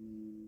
Mm.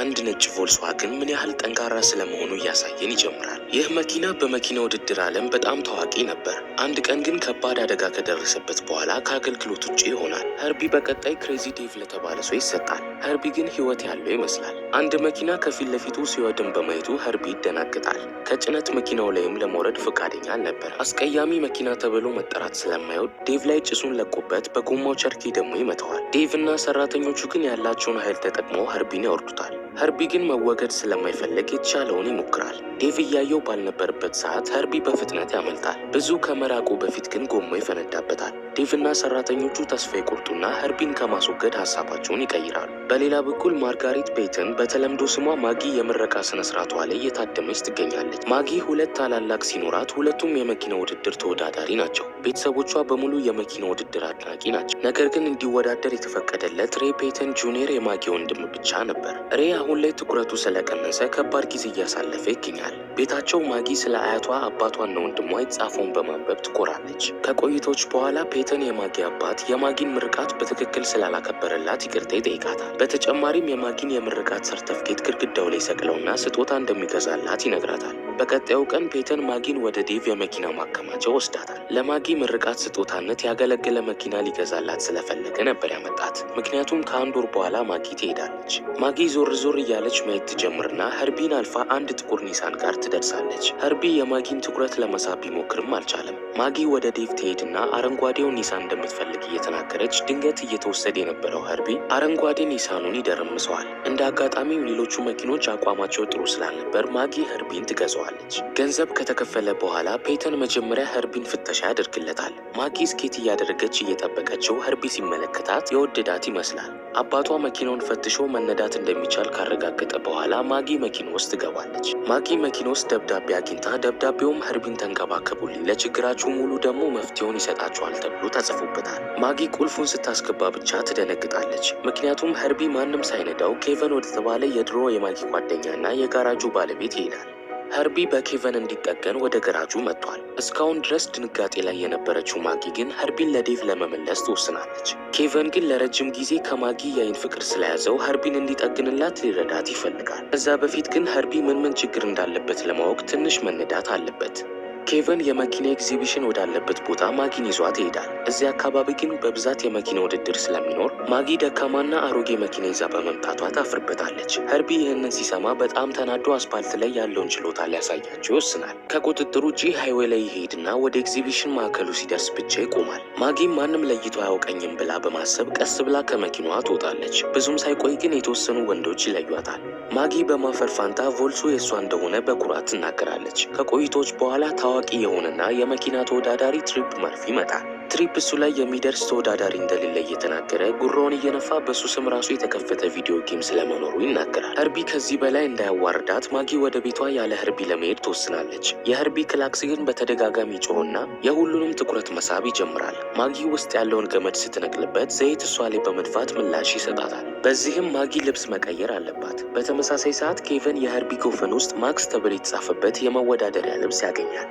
አንድ ነጭ ቮልስዋግን ምን ያህል ጠንካራ ስለመሆኑ እያሳየን ይጀምራል። ይህ መኪና በመኪና ውድድር ዓለም በጣም ታዋቂ ነበር። አንድ ቀን ግን ከባድ አደጋ ከደረሰበት በኋላ ከአገልግሎት ውጭ ይሆናል። ሀርቢ በቀጣይ ክሬዚ ዴቭ ለተባለ ሰው ይሰጣል። ኸርቢ ግን ሕይወት ያለው ይመስላል። አንድ መኪና ከፊት ለፊቱ ሲወድም በማየቱ ኸርቢ ይደናግጣል። ከጭነት መኪናው ላይም ለመውረድ ፈቃደኛ አልነበር። አስቀያሚ መኪና ተብሎ መጠራት ስለማይወድ ዴቭ ላይ ጭሱን ለቁበት በጎማው ቸርኪ ደግሞ ይመተዋል። ዴቭ እና ሰራተኞቹ ግን ያላቸውን ኃይል ተጠቅመው ሀርቢን ያወርዱ tutar. ሀርቢ ግን መወገድ ስለማይፈልግ የተቻለውን ይሞክራል። ዴቭ እያየው ባልነበረበት ሰዓት ሀርቢ በፍጥነት ያመልጣል። ብዙ ከመራቁ በፊት ግን ጎማ ይፈነዳበታል። ዴቭና ሰራተኞቹ ተስፋ ይቆርጡና ሀርቢን ከማስወገድ ሀሳባቸውን ይቀይራሉ። በሌላ በኩል ማርጋሪት ቤትን በተለምዶ ስሟ ማጊ የምረቃ ስነስርዓቷ ላይ የታደመች ትገኛለች። ማጊ ሁለት ታላላቅ ሲኖራት ሁለቱም የመኪና ውድድር ተወዳዳሪ ናቸው። ቤተሰቦቿ በሙሉ የመኪና ውድድር አድናቂ ናቸው። ነገር ግን እንዲወዳደር የተፈቀደለት ሬ ፔተን ጁኒየር የማጊ ወንድም ብቻ ነበር። ሬ አሁን ላይ ትኩረቱ ስለቀነሰ ከባድ ጊዜ እያሳለፈ ይገኛል። ቤታቸው ማጊ ስለ አያቷ አባቷና ወንድሟ የተጻፈውን በማንበብ ትኮራለች። ከቆይቶች በኋላ ፔተን የማጊ አባት የማጊን ምርቃት በትክክል ስላላከበረላት ይቅርታ ይጠይቃታል። በተጨማሪም የማጊን የምርቃት ሰርተፍኬት ግድግዳው ላይ ሰቅለውና ስጦታ እንደሚገዛላት ይነግራታል። በቀጣዩ ቀን ፔተን ማጊን ወደ ዴቭ የመኪና ማከማቸው ወስዳታል። ለማጊ ምርቃት ስጦታነት ያገለገለ መኪና ሊገዛላት ስለፈለገ ነበር ያመጣት። ምክንያቱም ከአንድ ወር በኋላ ማጊ ትሄዳለች። ማጊ ዞር ዞር ዞር እያለች ማየት ትጀምርና ሀርቢን አልፋ አንድ ጥቁር ኒሳን ጋር ትደርሳለች። ሀርቢ የማጊን ትኩረት ለመሳብ ቢሞክርም አልቻለም። ማጊ ወደ ዴቭ ትሄድና አረንጓዴው ኒሳን እንደምትፈልግ እየተናገረች ድንገት እየተወሰደ የነበረው ሀርቢ አረንጓዴ ኒሳኑን ይደረምሰዋል። እንደ አጋጣሚው ሌሎቹ መኪኖች አቋማቸው ጥሩ ስላልነበር ማጊ ሀርቢን ትገዛዋለች። ገንዘብ ከተከፈለ በኋላ ፔተን መጀመሪያ ሀርቢን ፍተሻ ያደርግለታል። ማጊ ስኬት እያደረገች እየጠበቀችው ሀርቢ ሲመለከታት የወደዳት ይመስላል። አባቷ መኪናውን ፈትሾ መነዳት እንደሚቻል ካረጋገጠ በኋላ ማጊ መኪና ውስጥ ትገባለች። ማጊ መኪና ውስጥ ደብዳቤ አግኝታ ደብዳቤውም ሀርቢን ተንከባከቡልኝ፣ ለችግራችሁ ሙሉ ደግሞ መፍትሄውን ይሰጣችኋል ተብሎ ተጽፎበታል። ማጊ ቁልፉን ስታስገባ ብቻ ትደነግጣለች። ምክንያቱም ሀርቢ ማንም ሳይነዳው ኬቨን ወደተባለ የድሮ የማጊ ጓደኛና የጋራጁ ባለቤት ይሄዳል። ኸርቢ በኬቨን እንዲጠቀን ወደ ገራጁ መጥቷል። እስካሁን ድረስ ድንጋጤ ላይ የነበረችው ማጊ ግን ኸርቢን ለዴቭ ለመመለስ ትወስናለች። ኬቨን ግን ለረጅም ጊዜ ከማጊ የአይን ፍቅር ስለያዘው ኸርቢን እንዲጠግንላት ሊረዳት ይፈልጋል። ከዛ በፊት ግን ኸርቢ ምን ምን ችግር እንዳለበት ለማወቅ ትንሽ መነዳት አለበት። ኬቨን የመኪና ኤግዚቢሽን ወዳለበት ቦታ ማጊን ይዟት ይሄዳል። እዚያ አካባቢ ግን በብዛት የመኪና ውድድር ስለሚኖር ማጊ ደካማና አሮጌ መኪና ይዛ በመምጣቷ ታፍርበታለች። ሀርቢ ይህንን ሲሰማ በጣም ተናዶ አስፓልት ላይ ያለውን ችሎታ ሊያሳያቸው ይወስናል። ከቁጥጥር ውጪ ሃይዌ ላይ ይሄድና ወደ ኤግዚቢሽን ማዕከሉ ሲደርስ ብቻ ይቆማል። ማጊም ማንም ለይቶ አያውቀኝም ብላ በማሰብ ቀስ ብላ ከመኪናዋ ትወጣለች። ብዙም ሳይቆይ ግን የተወሰኑ ወንዶች ይለዩታል። ማጊ በማፈር ፋንታ ቮልሱ የእሷ እንደሆነ በኩራት ትናገራለች። ከቆይቶች በኋላ ታዋ ታዋቂ የሆነና የመኪና ተወዳዳሪ ትሪፕ መርፊ ይመጣል። ትሪፕ እሱ ላይ የሚደርስ ተወዳዳሪ እንደሌለ እየተናገረ ጉሮውን እየነፋ በሱ ስም ራሱ የተከፈተ ቪዲዮ ጌም ስለመኖሩ ይናገራል። ኸርቢ ከዚህ በላይ እንዳያዋርዳት ማጊ ወደ ቤቷ ያለ ህርቢ ለመሄድ ትወስናለች። የኸርቢ ክላክስ ግን በተደጋጋሚ ጮሆና የሁሉንም ትኩረት መሳብ ይጀምራል። ማጊ ውስጥ ያለውን ገመድ ስትነቅልበት ዘይት እሷ ላይ በመድፋት ምላሽ ይሰጣታል። በዚህም ማጊ ልብስ መቀየር አለባት። በተመሳሳይ ሰዓት ኬቨን የኸርቢ ኮፈን ውስጥ ማክስ ተብሎ የተጻፈበት የመወዳደሪያ ልብስ ያገኛል።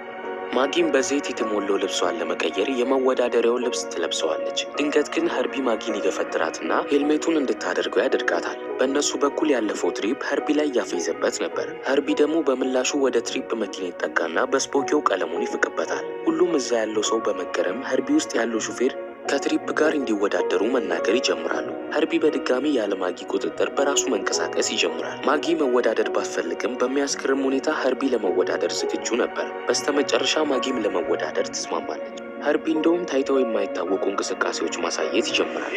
ማጊም በዘይት የተሞላው ልብሷን ለመቀየር የመወዳደሪያውን ልብስ ትለብሰዋለች። ድንገት ግን ሀርቢ ማጊን ይገፈትራትና ሄልሜቱን እንድታደርገው ያደርጋታል። በእነሱ በኩል ያለፈው ትሪፕ ሀርቢ ላይ ያፌዘበት ነበር። ሀርቢ ደግሞ በምላሹ ወደ ትሪፕ መኪና ይጠጋና በስፖኪው ቀለሙን ይፍቅበታል። ሁሉም እዛ ያለው ሰው በመገረም ሀርቢ ውስጥ ያለው ሹፌር ከትሪፕ ጋር እንዲወዳደሩ መናገር ይጀምራሉ። ሀርቢ በድጋሚ ያለ ማጊ ቁጥጥር በራሱ መንቀሳቀስ ይጀምራል። ማጊ መወዳደር ባትፈልግም በሚያስገርም ሁኔታ ሀርቢ ለመወዳደር ዝግጁ ነበር። በስተመጨረሻ ማጊም ለመወዳደር ትስማማለች። ሀርቢ እንደውም ታይተው የማይታወቁ እንቅስቃሴዎች ማሳየት ይጀምራል።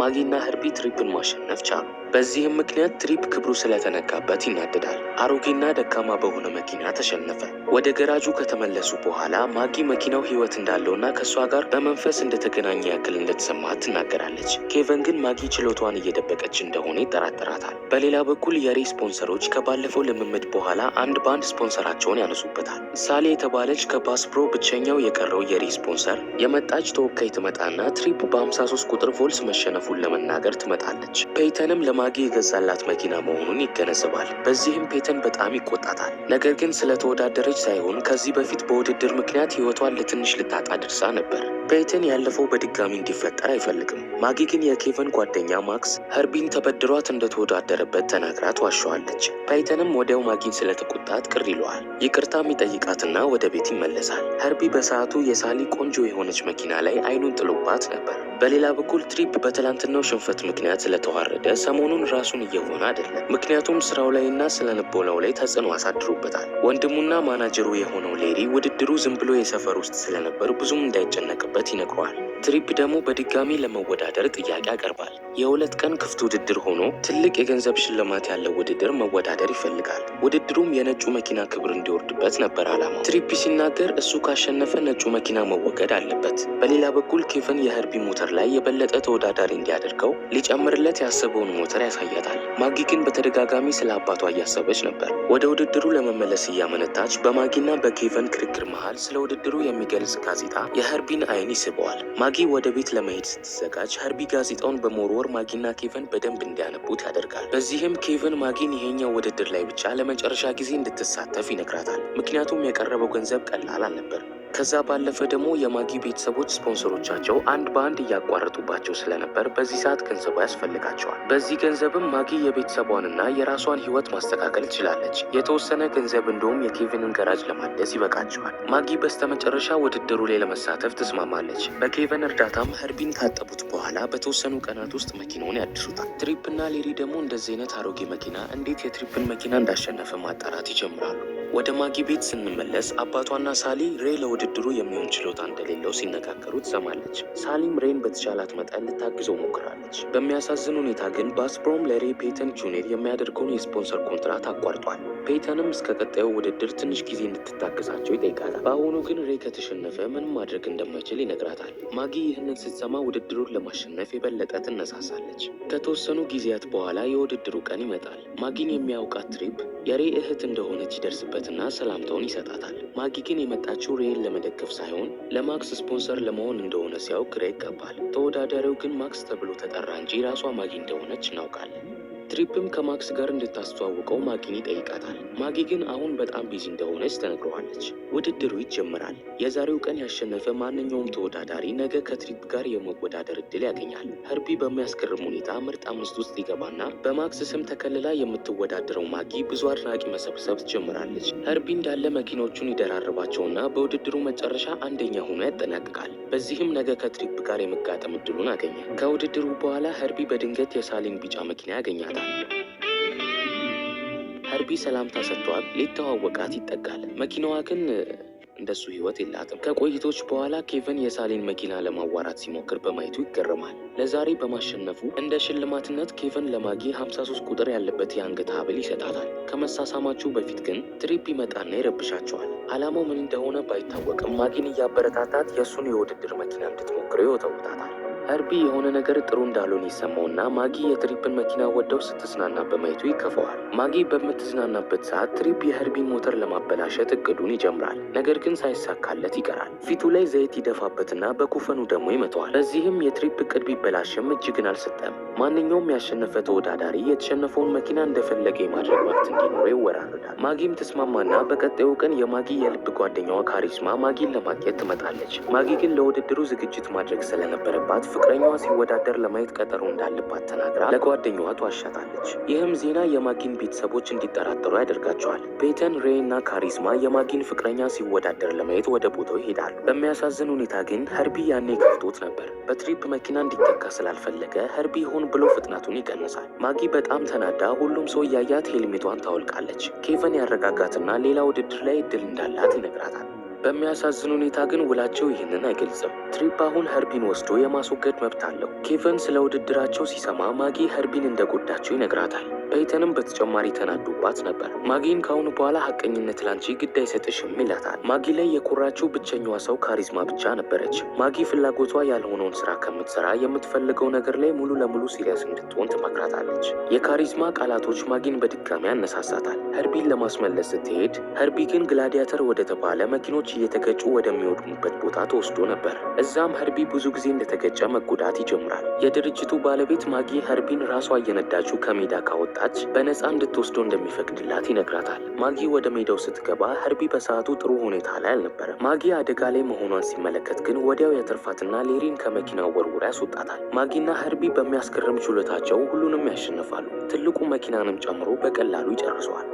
ማጊና ህርቢ ትሪፕን ማሸነፍ ቻሉ። በዚህም ምክንያት ትሪፕ ክብሩ ስለተነካበት ይናደዳል። አሮጌና ደካማ በሆነ መኪና ተሸነፈ። ወደ ገራጁ ከተመለሱ በኋላ ማጊ መኪናው ህይወት እንዳለውና ከእሷ ጋር በመንፈስ እንደተገናኘ ያክል እንደተሰማ ትናገራለች። ኬቨን ግን ማጊ ችሎቷን እየደበቀች እንደሆነ ይጠራጠራታል። በሌላ በኩል የሬ ስፖንሰሮች ከባለፈው ልምምድ በኋላ አንድ ባንድ ስፖንሰራቸውን ያነሱበታል። ሳሌ የተባለች ከባስፕሮ ብቸኛው የቀረው የሬ ስፖንሰር የመጣች ተወካይ ትመጣና ትሪፕ በ53 ቁጥር ቮልስ መሸነፉን ለመናገር ትመጣለች። ፔይተንም ለማጊ የገዛላት መኪና መሆኑን ይገነዘባል። በዚህም ፔተን በጣም ይቆጣታል። ነገር ግን ስለተወዳደረች ሳይሆን ከዚህ በፊት በውድድር ምክንያት ሕይወቷን ለትንሽ ልታጣ ድርሳ ነበር። ቤተን ያለፈው በድጋሚ እንዲፈጠር አይፈልግም። ማጊ ግን የኬቨን ጓደኛ ማክስ ሀርቢን ተበድሯት እንደተወዳደረበት ተናግራ ትዋሸዋለች። ፓይተንም ወዲያው ማጊን ስለተቆጣት ቅር ይለዋል። ይቅርታም ይጠይቃትና ወደ ቤት ይመለሳል። ሀርቢ በሰዓቱ የሳሊ ቆንጆ የሆነች መኪና ላይ አይኑን ጥሎባት ነበር። በሌላ በኩል ትሪፕ በትላንትናው ሽንፈት ምክንያት ስለተዋረደ ሰሞኑን ራሱን እየሆነ አይደለም። ምክንያቱም ስራው ላይና ና ልቦናው ላይ ተጽዕኖ አሳድሮበታል። ወንድሙና ማናጀሩ የሆነው ሌሪ ውድድሩ ዝም ብሎ የሰፈር ውስጥ ስለነበር ብዙም እንዳይጨነቅም እንዳለበት ይነግረዋል። ትሪፕ ደግሞ በድጋሚ ለመወዳደር ጥያቄ ያቀርባል። የሁለት ቀን ክፍት ውድድር ሆኖ ትልቅ የገንዘብ ሽልማት ያለው ውድድር መወዳደር ይፈልጋል። ውድድሩም የነጩ መኪና ክብር እንዲወርድበት ነበር ዓላማው። ትሪፕ ሲናገር እሱ ካሸነፈ ነጩ መኪና መወገድ አለበት። በሌላ በኩል ኬቨን የህርቢ ሞተር ላይ የበለጠ ተወዳዳሪ እንዲያደርገው ሊጨምርለት ያሰበውን ሞተር ያሳያታል። ማጊ ግን በተደጋጋሚ ስለ አባቷ እያሰበች ነበር። ወደ ውድድሩ ለመመለስ እያመነታች በማጊና በኬቨን ክርክር መሃል ስለ ውድድሩ የሚገልጽ ጋዜጣ የህርቢን አይን ይስበዋል። ማጊ ወደ ቤት ለመሄድ ስትዘጋጅ ሀርቢ ጋዜጣውን በመወርወር ማጊና ኬቨን በደንብ እንዲያነቡት ያደርጋል። በዚህም ኬቨን ማጊን ይሄኛው ውድድር ላይ ብቻ ለመጨረሻ ጊዜ እንድትሳተፍ ይነግራታል። ምክንያቱም የቀረበው ገንዘብ ቀላል አልነበር። ከዛ ባለፈ ደግሞ የማጊ ቤተሰቦች ስፖንሰሮቻቸው አንድ በአንድ እያቋረጡባቸው ስለነበር በዚህ ሰዓት ገንዘቡ ያስፈልጋቸዋል። በዚህ ገንዘብም ማጊ የቤተሰቧንና የራሷን ህይወት ማስተካከል ትችላለች። የተወሰነ ገንዘብ እንደውም የኬቨንን ገራጅ ለማደስ ይበቃቸዋል። ማጊ በስተመጨረሻ ውድድሩ ላይ ለመሳተፍ ትስማማለች። በኬቨን እርዳታም ሀርቢን ካጠቡት በኋላ በተወሰኑ ቀናት ውስጥ መኪናውን ያድሱታል። ትሪፕና ሌሪ ደግሞ እንደዚህ አይነት አሮጌ መኪና እንዴት የትሪፕን መኪና እንዳሸነፈ ማጣራት ይጀምራሉ። ወደ ማጊ ቤት ስንመለስ አባቷና ሳሊ ሬ ለውድድሩ የሚሆን ችሎታ እንደሌለው ሲነጋገሩ ትሰማለች። ሳሊም ሬን በተቻላት መጠን ልታግዘው ሞክራለች። በሚያሳዝን ሁኔታ ግን ባስፕሮም ለሬ ፔተን ጁኒር የሚያደርገውን የስፖንሰር ኮንትራት አቋርጧል። ፔተንም እስከ ቀጣዩ ውድድር ትንሽ ጊዜ እንድትታገዛቸው ይጠይቃል በአሁኑ ግን ሬ ከተሸነፈ ምንም ማድረግ እንደማይችል ይነግራታል። ማጊ ይህንን ስትሰማ ውድድሩን ለማሸነፍ የበለጠ ትነሳሳለች። ከተወሰኑ ጊዜያት በኋላ የውድድሩ ቀን ይመጣል። ማጊን የሚያውቃት ትሪፕ የሬ እህት እንደሆነች ይደርስበት እውቅናና ሰላምታውን ይሰጣታል። ማጊ ግን የመጣችው ሬይን ለመደገፍ ሳይሆን ለማክስ ስፖንሰር ለመሆን እንደሆነ ሲያውቅ ግራ ይገባል። ተወዳዳሪው ግን ማክስ ተብሎ ተጠራ እንጂ ራሷ ማጊ እንደሆነች እናውቃለን። ትሪፕም ከማክስ ጋር እንድታስተዋውቀው ማጊን ይጠይቃታል። ማጊ ግን አሁን በጣም ቢዚ እንደሆነች ተነግረዋለች። ውድድሩ ይጀምራል። የዛሬው ቀን ያሸነፈ ማንኛውም ተወዳዳሪ ነገ ከትሪፕ ጋር የመወዳደር እድል ያገኛል። ሀርቢ በሚያስገርም ሁኔታ ምርጥ አምስት ውስጥ ይገባና በማክስ ስም ተከልላ የምትወዳደረው ማጊ ብዙ አድናቂ መሰብሰብ ትጀምራለች። ሀርቢ እንዳለ መኪኖቹን ይደራርባቸውና በውድድሩ መጨረሻ አንደኛ ሆኖ ያጠናቅቃል። በዚህም ነገ ከትሪፕ ጋር የመጋጠም እድሉን አገኘ። ከውድድሩ በኋላ ሀርቢ በድንገት የሳሊን ቢጫ መኪና ያገኛል። ይወርዳል። ሀርቢ ሰላምታ ሰጥቷት ሊተዋወቃት ይጠጋል። መኪናዋ ግን እንደሱ ህይወት የላትም። ከቆይቶች በኋላ ኬቨን የሳሊን መኪና ለማዋራት ሲሞክር በማየቱ ይገርማል። ለዛሬ በማሸነፉ እንደ ሽልማትነት ኬቨን ለማጊ 53 ቁጥር ያለበት የአንገት ሀብል ይሰጣታል። ከመሳሳማችሁ በፊት ግን ትሪፕ ይመጣና ይረብሻቸዋል። አላማው ምን እንደሆነ ባይታወቅም ማጊን እያበረታታት የእሱን የውድድር መኪና እንድትሞክረው ይወተውታታል። ሀርቢ የሆነ ነገር ጥሩ እንዳልሆነ ይሰማውና ማጊ የትሪፕን መኪና ወደው ስትዝናና በማየቱ ይከፈዋል። ማጊ በምትዝናናበት ሰዓት ትሪፕ የሀርቢን ሞተር ለማበላሸት እቅዱን ይጀምራል። ነገር ግን ሳይሳካለት ይቀራል። ፊቱ ላይ ዘይት ይደፋበትና በኩፈኑ ደግሞ ይመተዋል። በዚህም የትሪፕ እቅድ ቢበላሽም እጅግን አልሰጠም። ማንኛውም ያሸነፈ ተወዳዳሪ የተሸነፈውን መኪና እንደፈለገ የማድረግ መብት እንዲኖረው ይወራረዳል። ማጊም ተስማማና በቀጣዩ ቀን የማጊ የልብ ጓደኛዋ ካሪስማ ማጊን ለማግኘት ትመጣለች። ማጊ ግን ለውድድሩ ዝግጅት ማድረግ ስለነበረባት ፍቅረኛዋ ሲወዳደር ለማየት ቀጠሮ እንዳለባት ተናግራ ለጓደኛዋ ትዋሻታለች። ይህም ዜና የማጊን ቤተሰቦች እንዲጠራጠሩ ያደርጋቸዋል። ቤተን፣ ሬይ እና ካሪዝማ የማጊን ፍቅረኛ ሲወዳደር ለማየት ወደ ቦታው ይሄዳሉ። በሚያሳዝን ሁኔታ ግን ሀርቢ ያኔ ከፍቶት ነበር። በትሪፕ መኪና እንዲተካ ስላልፈለገ ሀርቢ ሆን ብሎ ፍጥነቱን ይቀንሳል። ማጊ በጣም ተናዳ ሁሉም ሰው እያያት ሄልሜቷን ታወልቃለች። ኬቨን ያረጋጋትና ሌላ ውድድር ላይ እድል እንዳላት ይነግራታል። በሚያሳዝን ሁኔታ ግን ውላቸው ይህንን አይገልጽም። ትሪፕ አሁን ሀርቢን ወስዶ የማስወገድ መብት አለው። ኬቨን ስለ ውድድራቸው ሲሰማ ማጊ ሀርቢን እንደጎዳቸው ይነግራታል። በይተንም በተጨማሪ ተናዱባት ነበር። ማጊን ከአሁኑ በኋላ ሀቀኝነት ላንቺ ግድ አይሰጥሽም ይላታል። ማጊ ላይ የኮራችው ብቸኛዋ ሰው ካሪዝማ ብቻ ነበረች። ማጊ ፍላጎቷ ያልሆነውን ስራ ከምትሰራ የምትፈልገው ነገር ላይ ሙሉ ለሙሉ ሲሪያስ እንድትሆን ትመክራታለች። የካሪዝማ ቃላቶች ማጊን በድጋሚ ያነሳሳታል። ሀርቢን ለማስመለስ ስትሄድ ሀርቢ ግን ግላዲያተር ወደ ተባለ መኪኖች እየተገጩ ወደሚወድሙበት ቦታ ተወስዶ ነበር። እዛም ሀርቢ ብዙ ጊዜ እንደተገጨ መጎዳት ይጀምራል። የድርጅቱ ባለቤት ማጊ ሀርቢን ራሷ እየነዳችው ከሜዳ ካወጣ ከመጣች በነፃ እንድትወስደው እንደሚፈቅድላት ይነግራታል። ማጊ ወደ ሜዳው ስትገባ ሀርቢ በሰዓቱ ጥሩ ሁኔታ ላይ አልነበረም። ማጊ አደጋ ላይ መሆኗን ሲመለከት ግን ወዲያው ያተርፋትና ሌሪን ከመኪናው ወርውራ ያስወጣታል። ማጊና ሀርቢ በሚያስገርም ችሎታቸው ሁሉንም ያሸንፋሉ። ትልቁ መኪናንም ጨምሮ በቀላሉ ይጨርሰዋል።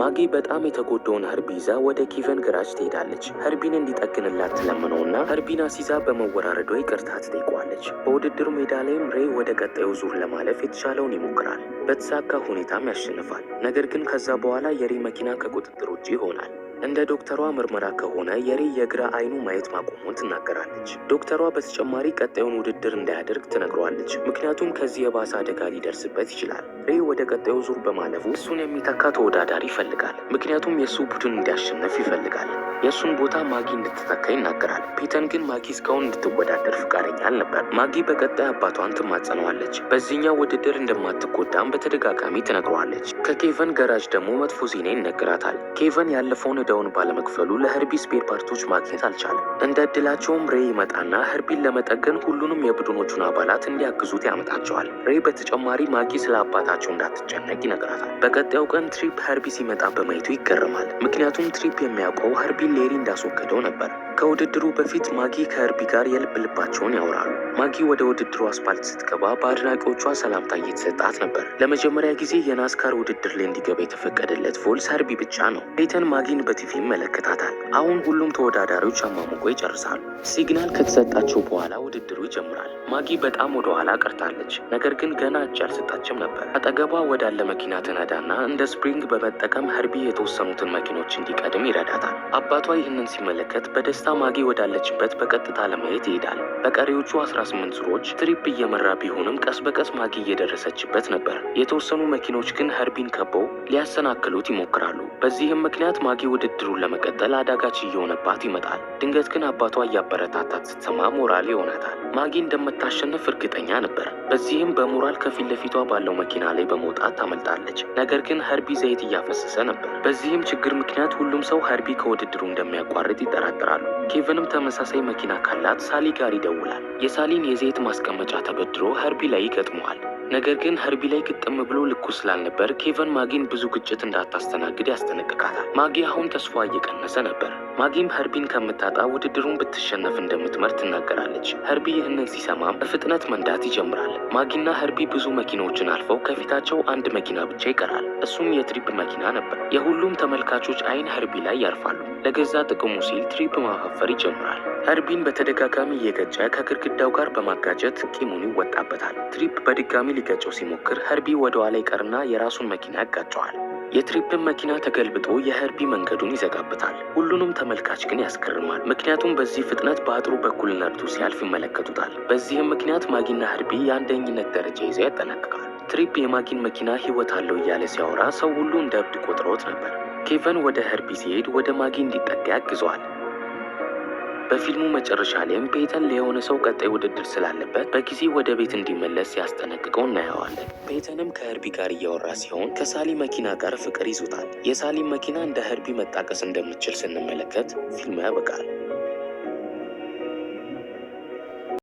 ማጊ በጣም የተጎዳውን ሀርቢ ይዛ ወደ ኪቨን ግራጅ ትሄዳለች። ሀርቢን እንዲጠግንላት ትለምነውና ሀርቢን አሲዛ በመወራረዷ ይቅርታ ትጠይቋለች። በውድድሩ ሜዳ ላይም ሬይ ወደ ቀጣዩ ዙር ለማለፍ የተሻለውን ይሞክራል። በተሳካ ሁኔታም ያሸንፋል። ነገር ግን ከዛ በኋላ የሬይ መኪና ከቁጥጥር ውጭ ይሆናል። እንደ ዶክተሯ ምርመራ ከሆነ የሪ የግራ አይኑ ማየት ማቆሙን ትናገራለች። ዶክተሯ በተጨማሪ ቀጣዩን ውድድር እንዳያደርግ ትነግረዋለች። ምክንያቱም ከዚህ የባሰ አደጋ ሊደርስበት ይችላል። ሬ ወደ ቀጣዩ ዙር በማለፉ እሱን የሚተካ ተወዳዳሪ ይፈልጋል። ምክንያቱም የእሱ ቡድን እንዲያሸነፍ ይፈልጋል። የእሱን ቦታ ማጊ እንድትተካ ይናገራል። ፒተን ግን ማጊ እስካሁን እንድትወዳደር ፍቃደኛ አልነበር። ማጊ በቀጣይ አባቷን ትማጸነዋለች። በዚህኛው ውድድር እንደማትጎዳም በተደጋጋሚ ትነግረዋለች። ከኬቨን ገራጅ ደግሞ መጥፎ ዜና ይነግራታል። ኬቨን ያለፈውን እዳውን ባለመክፈሉ ለህርቢ ስፔር ፓርቶች ማግኘት አልቻለም። እንደ እድላቸውም ሬይ ይመጣና ህርቢን ለመጠገን ሁሉንም የቡድኖቹን አባላት እንዲያግዙት ያመጣቸዋል። ሬይ በተጨማሪ ማጊ ስለ አባታቸው እንዳትጨነቅ ይነግራታል። በቀጣዩ ቀን ትሪፕ ሀርቢ ሲመጣ በማየቱ ይገርማል። ምክንያቱም ትሪፕ የሚያውቀው ሀርቢን ሌሪ እንዳስወገደው ነበር። ከውድድሩ በፊት ማጊ ከእርቢ ጋር የልብ ልባቸውን ያወራሉ። ማጊ ወደ ውድድሩ አስፓልት ስትገባ በአድናቂዎቿ ሰላምታ እየተሰጣት ነበር። ለመጀመሪያ ጊዜ የናስካር ውድድር ላይ እንዲገባ የተፈቀደለት ቮልስ አርቢ ብቻ ነው። ሌተን ማጊን በቲቪ ይመለከታታል። አሁን ሁሉም ተወዳዳሪዎች አማሙቆ ይጨርሳሉ። ሲግናል ከተሰጣቸው በኋላ ውድድሩ ይጀምራል። ማጊ በጣም ወደ ኋላ ቀርታለች፣ ነገር ግን ገና እጅ አልሰጣችም ነበር። አጠገቧ ወዳለ መኪና ትነዳና እንደ ስፕሪንግ በመጠቀም ኸርቢ የተወሰኑትን መኪኖች እንዲቀድም ይረዳታል። አባቷ ይህንን ሲመለከት በደስታ ማጌ ወዳለችበት በቀጥታ ለማየት ይሄዳል። በቀሪዎቹ 18 ዙሮች ትሪፕ እየመራ ቢሆንም ቀስ በቀስ ማጊ እየደረሰችበት ነበር። የተወሰኑ መኪኖች ግን ሀርቢን ከበው ሊያሰናክሉት ይሞክራሉ። በዚህም ምክንያት ማጊ ውድድሩን ለመቀጠል አዳጋች እየሆነባት ይመጣል። ድንገት ግን አባቷ እያበረታታት ስትሰማ ሞራል ይሆናታል። ማጊ እንደምታሸንፍ እርግጠኛ ነበር። በዚህም በሞራል ከፊት ለፊቷ ባለው መኪና ላይ በመውጣት ታመልጣለች። ነገር ግን ሀርቢ ዘይት እያፈሰሰ ነበር። በዚህም ችግር ምክንያት ሁሉም ሰው ሀርቢ ከውድድሩ እንደሚያቋርጥ ይጠራጠራሉ። ኬቨንም ተመሳሳይ መኪና ካላት ሳሊ ጋር ይደውላል። የሳሊን የዘይት ማስቀመጫ ተበድሮ ሀርቢ ላይ ይገጥመዋል። ነገር ግን ሀርቢ ላይ ግጥም ብሎ ልኩ ስላልነበር ኬቨን ማጊን ብዙ ግጭት እንዳታስተናግድ ያስጠነቅቃታል። ማጊ አሁን ተስፋ እየቀነሰ ነበር። ማጊም ሀርቢን ከምታጣ ውድድሩን ብትሸነፍ እንደምትመር ትናገራለች። ሀርቢ ይህንን ሲሰማም በፍጥነት መንዳት ይጀምራል። ማጊና ሀርቢ ብዙ መኪናዎችን አልፈው ከፊታቸው አንድ መኪና ብቻ ይቀራል። እሱም የትሪፕ መኪና ነበር። የሁሉም ተመልካቾች አይን ሀርቢ ላይ ያርፋሉ። ለገዛ ጥቅሙ ሲል ትሪፕ ማፋፈር ይጀምራል። ሀርቢን በተደጋጋሚ እየገጨ ከግድግዳው ጋር በማጋጨት ቂሙን ይወጣበታል። ትሪፕ በድጋሚ ሊገጨው ሲሞክር ሀርቢ ወደኋላ ይቀርና የራሱን መኪና ያጋጨዋል። የትሪፕን መኪና ተገልብጦ የኸርቢ መንገዱን ይዘጋበታል። ሁሉንም ተመልካች ግን ያስገርማል። ምክንያቱም በዚህ ፍጥነት በአጥሩ በኩል ነርቱ ሲያልፍ ይመለከቱታል። በዚህም ምክንያት ማጊና ኸርቢ የአንደኝነት ደረጃ ይዘው ያጠናቅቃል። ትሪፕ የማጊን መኪና ህይወት አለው እያለ ሲያወራ ሰው ሁሉ እንደ እብድ ቆጥሮት ነበር። ኬቨን ወደ ኸርቢ ሲሄድ ወደ ማጊ እንዲጠጋ ያግዘዋል። በፊልሙ መጨረሻ ላይም ፔተን ለሆነ ሰው ቀጣይ ውድድር ስላለበት በጊዜ ወደ ቤት እንዲመለስ ሲያስጠነቅቀው እናየዋለን። ፔተንም ከህርቢ ጋር እያወራ ሲሆን ከሳሊ መኪና ጋር ፍቅር ይዞታል። የሳሊ መኪና እንደ ህርቢ መጣቀስ እንደምትችል ስንመለከት ፊልሙ ያበቃል።